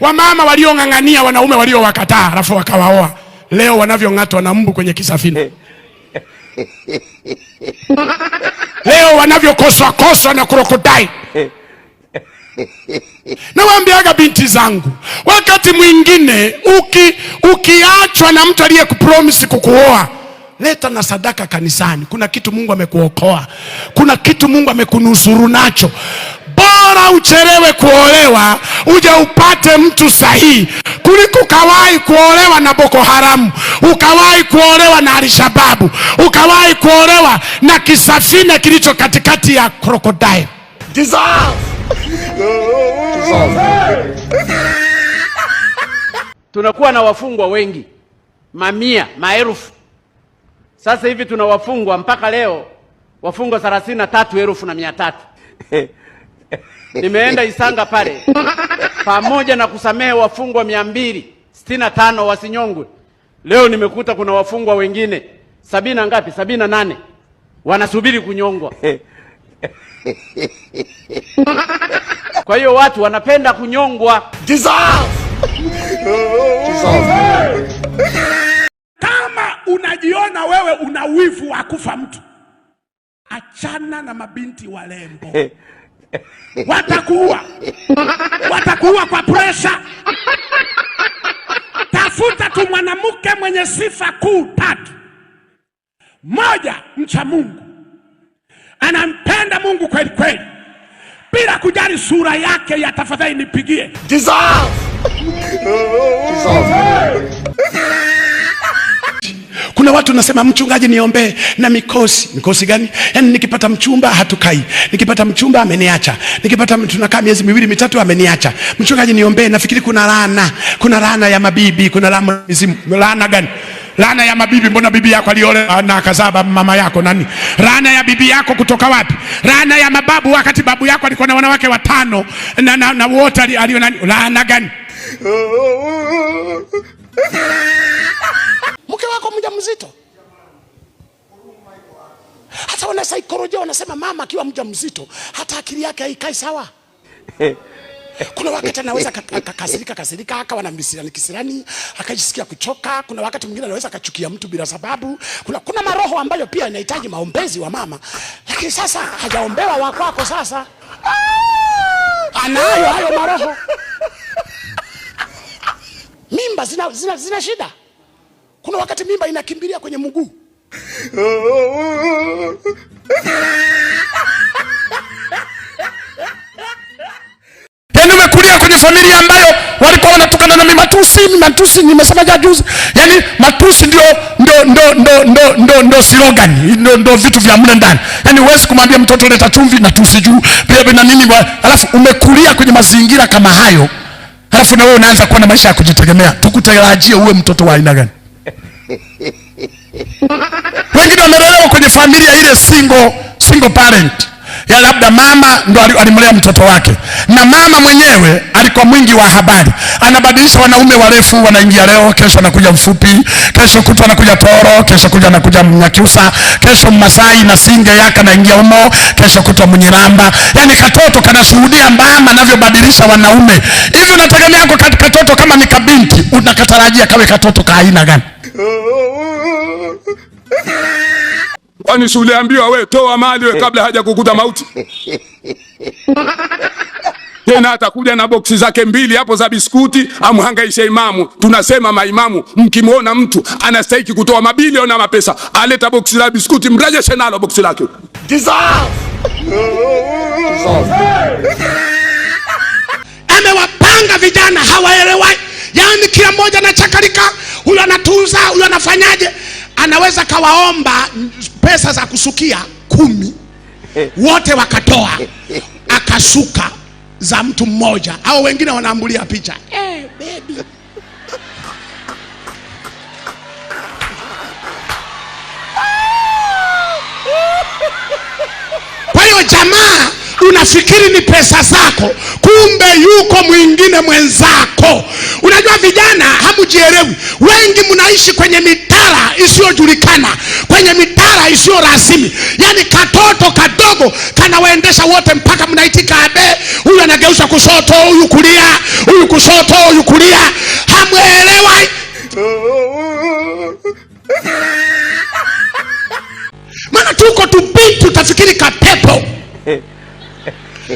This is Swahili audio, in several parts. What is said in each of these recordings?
wamama waliong'ang'ania wanaume waliowakataa alafu wakawaoa, leo wanavyong'atwa na mbu kwenye kisafina leo wanavyokoswakoswa na krokodai. nawambiaga binti zangu, wakati mwingine uki, ukiachwa na mtu aliye kupromisi kukuoa leta na sadaka kanisani. Kuna kitu Mungu amekuokoa, kuna kitu Mungu amekunusuru nacho bora uchelewe kuolewa uje upate mtu sahihi kuliko ukawahi kuolewa na Boko Haramu, ukawahi kuolewa na Alshababu, ukawahi kuolewa na kisafina kilicho katikati ya krokodile. Tunakuwa na wafungwa wengi, mamia, maelfu. Sasa hivi tuna wafungwa mpaka leo, wafungwa thelathini na tatu elfu na mia tatu nimeenda Isanga pale pamoja na kusamehe wafungwa mia mbili sitini na tano wasinyongwe. Leo nimekuta kuna wafungwa wengine sabini na ngapi, sabini na nane wanasubiri kunyongwa. Kwa hiyo watu wanapenda kunyongwa. Kama unajiona wewe una wivu wa kufa mtu, achana na mabinti warembo watakuua, watakuua kwa presha. Tafuta tu mwanamke mwenye sifa kuu tatu. Moja, mcha Mungu, anampenda Mungu kweli kweli, bila kujali sura yake ya tafadhali nipigie Dissolve. Dissolve. Kuna watu nasema mchungaji, niombee na mikosi. Mikosi gani? yani nikipata mchumba hatukai, nikipata mchumba ameniacha, nikipata tunakaa miezi miwili mitatu ameniacha. Mchungaji, niombee. Nafikiri kuna laana, kuna laana ya mabibi, kuna laana mizimu. Laana gani? Laana ya mabibi. Mbona bibi yako aliole na akazaa mama yako nani? Laana ya bibi yako kutoka wapi? Laana ya mababu, wakati babu yako alikuwa na wanawake watano na, na, na wote alio nani? Laana gani? wako mzito. Hata wanasaikolojia wanasema mama akiwa mzito hata akili yake haikai sawa. Kuna wakati anaweza akakasirika kasirika, akawa na kisirani kisirani, akajisikia kuchoka. Kuna wakati mwingine anaweza akachukia mtu bila sababu. Kuna, kuna maroho ambayo pia inahitaji maombezi wa mama, lakini sasa hajaombewa wa kwako, sasa ah! anayo hayo maroho. Mimba zina, zina, zina shida. Kuna wakati mimba inakimbilia kwenye mguu tena yaani umekulia kwenye familia ambayo walikuwa wanatokana na matusi matusi, nimesemaja juzi, yani matusi ndio ndo ndo ndo ndo ndo ndo slogan ndo, ndo vitu vya mna ndani, yani huwezi kumwambia mtoto leta chumvi na tusi juu bebe na nini, alafu umekulia kwenye mazingira kama hayo, alafu na wewe unaanza kuwa na maisha ya kujitegemea. Tukutarajie uwe mtoto wa aina gani? Wengine wamelelewa kwenye familia ile single, single parent ya labda mama ndo alimlea mtoto wake, na mama mwenyewe alikuwa mwingi wa habari, anabadilisha wanaume warefu, wanaingia leo, kesho anakuja mfupi, kesho kutwa anakuja Toro, kesho kuja anakuja Mnyakyusa, kesho Mmasai na singe yake anaingia humo, kesho kutwa Mnyiramba. Yani katoto kanashuhudia mama anavyobadilisha wanaume. Hivi unategemea kwa katoto kama ni kabinti, unakatarajia kawe katoto ka aina gani? Kwani si uliambiwa we toa mali we kabla haja kukuta mauti? Tena atakuja na boksi zake mbili hapo za biskuti amhangaishe imamu. Tunasema maimamu, mkimwona mtu anastahiki kutoa mabilioni na mapesa, aleta boksi la biskuti, mrejeshe nalo boksi lake. Amewapanga vijana hawaelewai, yaani kila mmoja anachakalika anauza huyo anafanyaje, anaweza kawaomba pesa za kusukia kumi, wote wakatoa, akasuka za mtu mmoja au wengine wanaambulia picha hey, eh, baby. Kwa hiyo jamaa unafikiri ni pesa zako, kumbe yuko mwingine mwenzako. Unajua vijana, hamujielewi. Wengi mnaishi kwenye mitara isiyojulikana, kwenye mitara isiyo rasmi, yaani katoto kadogo kanawaendesha wote, mpaka mnaitika abe, huyu anageusha kushoto, huyu kulia, huyu kushoto, huyu kulia, hamwelewa maana tuko tubitu, utafikiri kapepo eh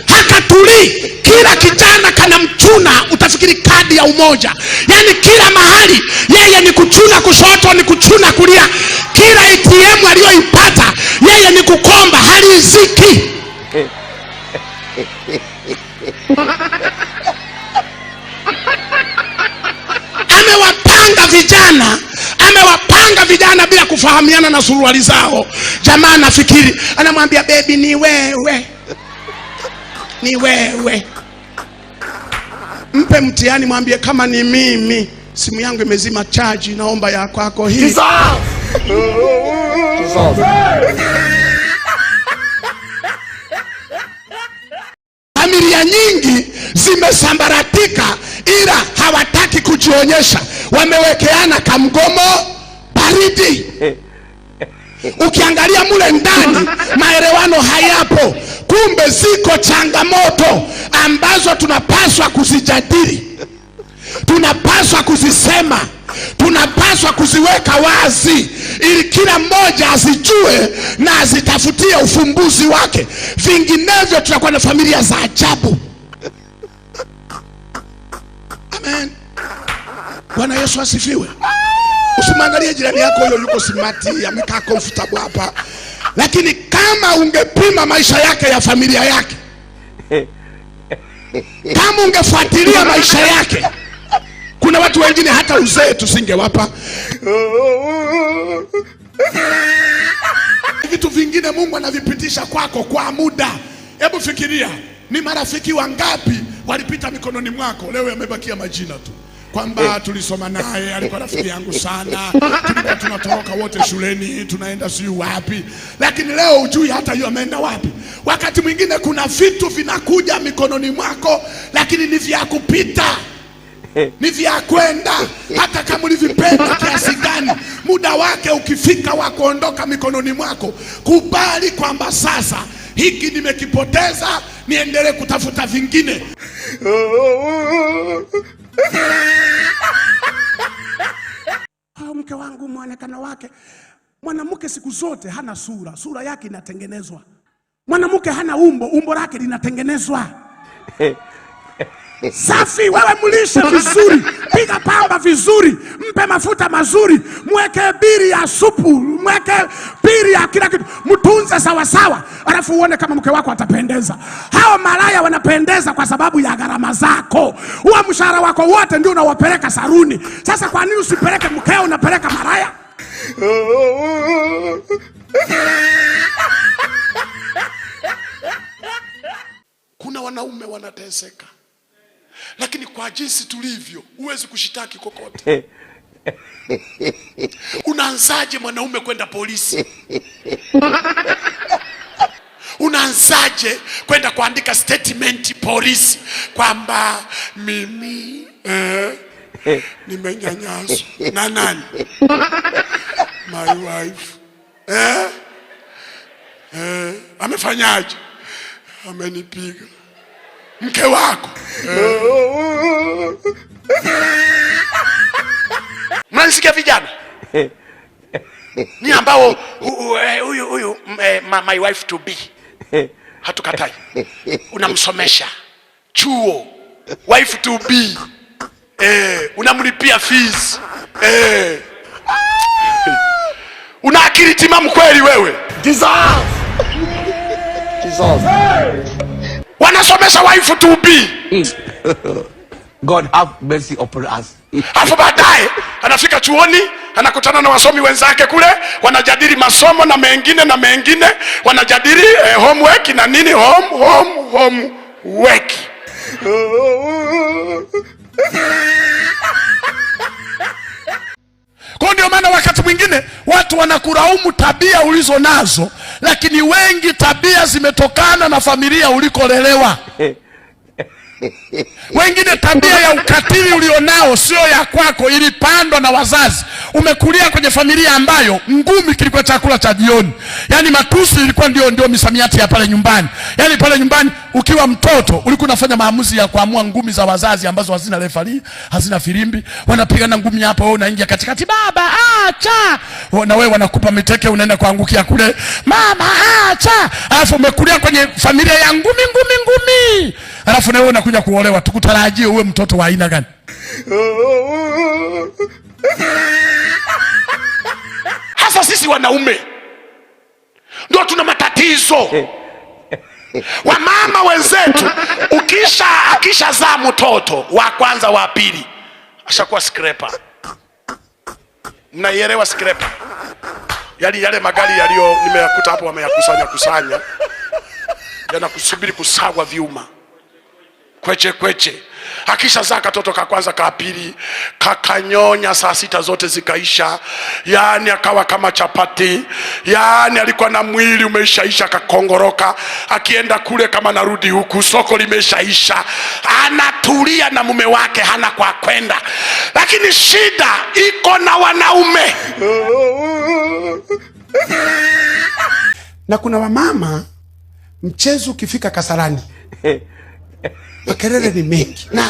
hakatulii. Kila kijana kana mchuna, utafikiri kadi ya umoja. Yani kila mahali yeye ni kuchuna kushoto, ni kuchuna kulia. Kila ATM aliyoipata yeye ni kukomba, haliziki amewapanga vijana amewapanga vijana bila kufahamiana na suruali zao. Jamaa nafikiri anamwambia bebi, ni wewe ni wewe. Mpe mtihani, mwambie kama ni mimi, simu yangu imezima chaji, naomba ya kwako hii. Familia nyingi zimesambaratika, ila hawataki kujionyesha, wamewekeana kamgomo baridi. Eh. Ukiangalia mule ndani, maelewano hayapo. Kumbe ziko changamoto ambazo tunapaswa kuzijadili, tunapaswa kuzisema, tunapaswa kuziweka wazi, ili kila mmoja azijue na azitafutie ufumbuzi wake. Vinginevyo tutakuwa na familia za ajabu. Amen. Bwana Yesu asifiwe. Usimwangalie jirani yako, huyo yuko simati, amekaa comfortable hapa lakini kama ungepima maisha yake ya familia yake, kama ungefuatilia maisha yake, kuna watu wengine hata uzee tusingewapa vitu vingine Mungu anavipitisha kwako kwa muda. Hebu fikiria, ni marafiki wangapi walipita mikononi mwako, leo yamebakia majina tu kwamba eh, tulisoma naye, alikuwa rafiki yangu sana, tulikuwa tunatoroka wote shuleni, tunaenda siyu wapi, lakini leo ujui hata hiyo ameenda wapi. Wakati mwingine kuna vitu vinakuja mikononi mwako, lakini ni vya kupita ni vya kwenda, hata kama ulivipenda kiasi gani, muda wake ukifika wa kuondoka mikononi mwako, kubali kwamba sasa hiki nimekipoteza, niendelee kutafuta vingine. wake. Mwanamke siku zote hana sura, sura yake inatengenezwa. Mwanamke hana umbo, umbo lake linatengenezwa. Safi, wewe mlishe vizuri, piga pamba vizuri, mpe mafuta mazuri, mweke biri ya supu, mweke biri ya kila kitu, mtunze sawasawa, alafu uone kama mke wako atapendeza. Hao malaya wanapendeza kwa sababu ya gharama zako. Huwa mshahara wako wote ndio unawapeleka saruni. Sasa kwa nini usipeleke mkeo, unapeleka malaya? Kuna wanaume wanateseka, lakini kwa jinsi tulivyo, huwezi kushitaki kokote. Unaanzaje mwanaume kwenda polisi? Unaanzaje kwenda kuandika statement polisi kwamba mimi eh, nimenyanyaswa na nani? my wife eh? Eh, amefanyaje? Amenipiga mke wako eh? Mnanisikia vijana ni ambao eh, huyu huyu eh, my wife to be hatukatai, unamsomesha chuo wife to be eh, unamlipia fees eh. Una akili timamu kweli wewe? Hey. Wanasomesha waifu to be. God have mercy upon us. Hapo baadaye anafika chuoni anakutana na wasomi wenzake kule, wanajadili masomo na mengine na mengine, wanajadili eh, homework na nini, home home homework Kwa ndio maana wakati mwingine watu wanakulaumu tabia ulizo nazo, lakini wengi tabia zimetokana na familia ulikolelewa. Eh. Wengine tabia ya ukatili ulionao sio ya kwako, ilipandwa na wazazi. Umekulia kwenye familia ambayo ngumi kilikuwa chakula cha jioni, yaani matusi ilikuwa ndio, ndio misamiati ya pale nyumbani. Yaani pale nyumbani ukiwa mtoto ulikuwa unafanya maamuzi ya kuamua ngumi za wazazi ambazo hazina refari, hazina filimbi. Wanapigana ngumi hapo, wewe unaingia katikati, baba acha, na wewe wanakupa miteke, unaenda kuangukia kule, mama acha. Alafu umekulia kwenye familia ya ngumi, ngumi, ngumi alafu na wewe unakuja kuolewa, tukutarajie uwe mtoto wa aina gani? Hasa sisi wanaume ndio tuna matatizo. Wamama wenzetu ukisha akishazaa mtoto wa kwanza wa pili ashakuwa skrepa. Mnaielewa skrepa? Yali yale magari yaliyo nimeyakuta hapo wameyakusanya kusanya, yanakusubiri kusagwa vyuma kweche kweche. Akishazaa katoto ka kwanza ka pili kakanyonya, saa sita zote zikaisha, yani akawa kama chapati, yani alikuwa na mwili umeishaisha, akakongoroka, akienda kule kama narudi huku, soko limeshaisha, anatulia na mume wake, hana kwa kwenda. Lakini shida iko na wanaume na kuna wamama mchezo ukifika Kasarani makelele ni mengi na,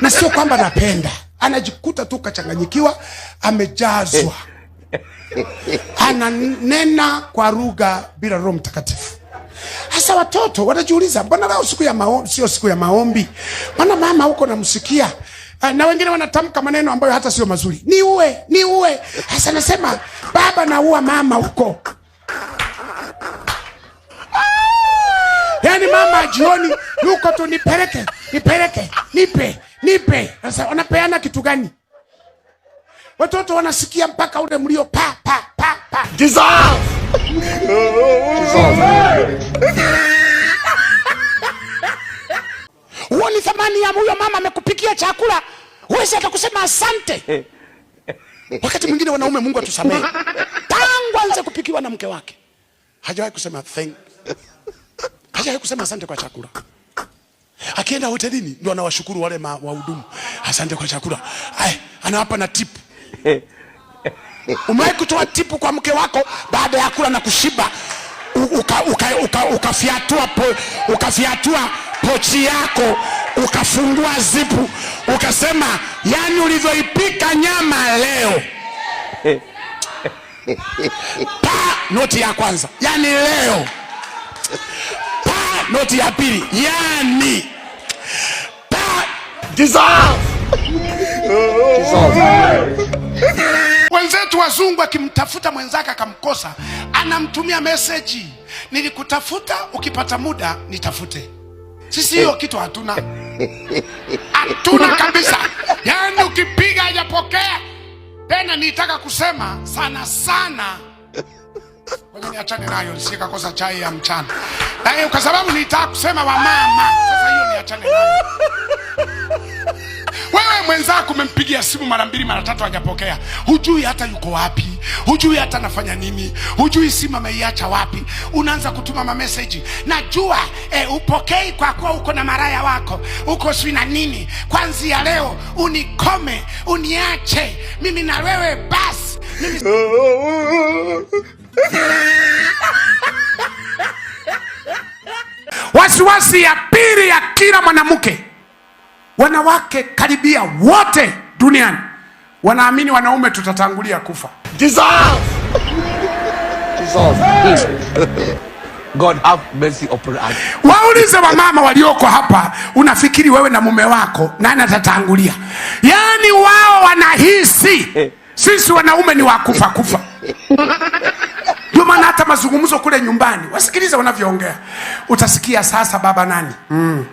na sio kwamba napenda, anajikuta tu kachanganyikiwa, amejazwa, ananena kwa lugha bila Roho Mtakatifu. Hasa watoto wanajiuliza, mbona leo siku ya maombi sio siku ya maombi? Mbona mama huko namsikia ah, na wengine wanatamka maneno ambayo hata sio mazuri, ni uwe ni uwe. Hasa nasema baba naua mama huko yaani mama jioni yuko tu, nipeleke nipeleke, nipe nipe. Sasa wanapeana kitu gani? Watoto wanasikia mpaka ule mlio pa pa pa pa dissolve Huoni thamani ya huyo mama amekupikia chakula, wewe atakusema asante. Wakati mwingine wanaume, Mungu atusamehe, tangu anze kupikiwa na mke wake hajawahi kusema thank you Hajawahi kusema asante kwa chakula. Akienda hotelini ndio anawashukuru wale wahudumu, asante kwa chakula. Ai, anawapa na tipu. Umewahi kutoa tipu kwa mke wako baada ya kula na kushiba ukafiatua uka, uka uka pochi yako ukafungua zipu ukasema, yani ulivyoipika nyama leo pa noti ya kwanza, yani leo noti ya pili, yani wenzetu wazungu akimtafuta mwenzake akamkosa, anamtumia meseji, nilikutafuta ukipata muda nitafute. Sisi hiyo kitu hatuna, hatuna kabisa. Yani ukipiga hajapokea tena. Nitaka kusema sana sana Ngoja niachane nayo nisije chai ya mchana. Na hiyo kwa sababu nitaka kusema wa mama. Sasa hiyo niachane nayo. Wewe mwenzako umempigia simu mara mbili mara tatu hajapokea. Hujui hata yuko wapi. Hujui hata anafanya nini. Hujui simu ameiacha wapi. Unaanza kutuma ma message. Najua eh, upokei kwa kuwa uko na maraya wako. Uko swi na nini. Kwanzia leo unikome, uniache. Mimi na wewe basi. Mimi Wasiwasi ya pili ya kila mwanamke, wanawake karibia wote duniani wanaamini wanaume tutatangulia kufa. Dissolve. Dissolve. God have mercy upon us. Waulize wamama walioko hapa, unafikiri wewe na mume wako nani atatangulia? Yaani wao wanahisi sisi wanaume ni wakufa kufa maana hata mazungumzo kule nyumbani, wasikilize wanavyoongea, utasikia sasa baba nani, mm.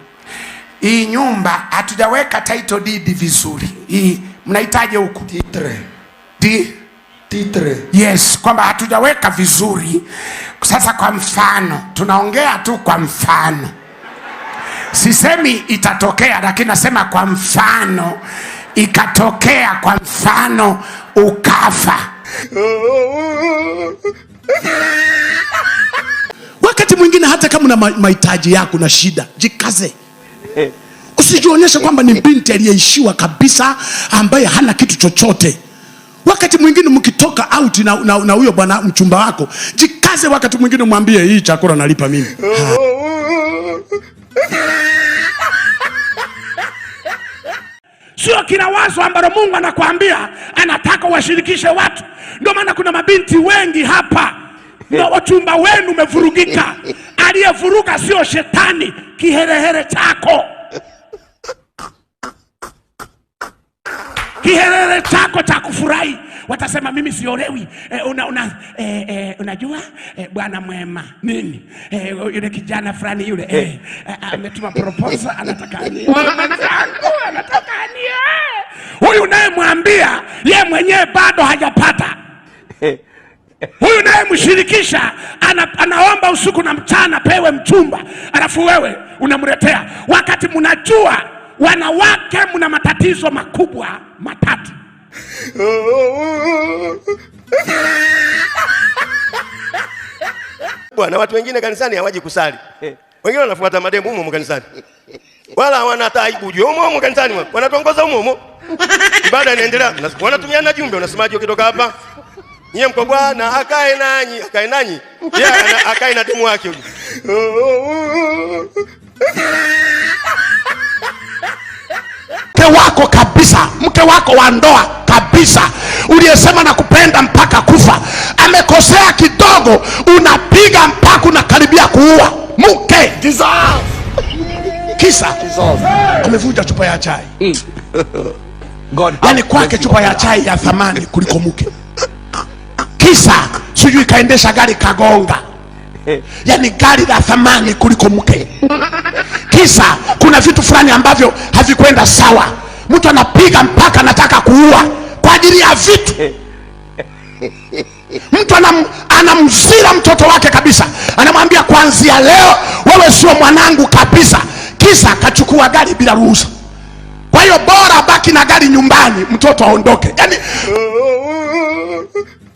hii nyumba hatujaweka title deed vizuri, hii mnahitaje huku titre di titre, yes, kwamba hatujaweka vizuri. Sasa kwa mfano, tunaongea tu kwa mfano, sisemi itatokea, lakini nasema kwa mfano, ikatokea kwa mfano ukafa Wakati mwingine hata kama una mahitaji yako na shida, jikaze usijionyeshe kwamba ni binti aliyeishiwa kabisa ambaye hana kitu chochote. Wakati mwingine mkitoka out na huyo na, na bwana mchumba wako, jikaze. Wakati mwingine mwambie hii chakula nalipa mimi Sio kila wazo ambalo Mungu anakuambia anataka washirikishe watu. Ndio maana kuna mabinti wengi hapa na wachumba wenu umevurugika. Aliyevuruga sio shetani, kiherehere chako kiherehere chako cha kufurahi. Watasema mimi siolewi. E, una, una, e, e, unajua e, bwana mwema nini e, yule kijana fulani yule e, ametuma proposal, anataka anataka huyu naye mwambia ye mwenyewe bado hajapata huyu naye mshirikisha ana, anaomba usiku na mchana pewe mchumba, alafu wewe unamletea, wakati mnajua wanawake mna matatizo makubwa matatu. Bwana, watu wengine kanisani hawaji kusali, wengine wanafuata madembo humo kanisani, wala hawana hata aibu, juu humo humo kanisani wanatongoza humo humo, ibada inaendelea, wanatumiana jumbe. Unasemaje ukitoka hapa Nyie mko bwana akae nanyi, akae nanyi. Yeye akae na demu wake huyo. Mke wako kabisa, mke wako wa ndoa kabisa, uliyesema na kupenda mpaka kufa, amekosea kidogo, unapiga mpaka unakaribia kuua. Mke kisa amevunja chupa ya chai, mm. yani kwake chupa ya chai ya thamani kuliko mke kabisa, sijui kaendesha gari kagonga, yaani gari la thamani kuliko mke. Kisa kuna vitu fulani ambavyo havikwenda sawa, mtu anapiga mpaka anataka kuua kwa ajili ya vitu mtu anam, anamzira mtoto wake kabisa, anamwambia kuanzia leo wewe sio mwanangu kabisa. Kisa kachukua gari bila ruhusa. Kwa hiyo bora baki na gari nyumbani, mtoto aondoke, yaani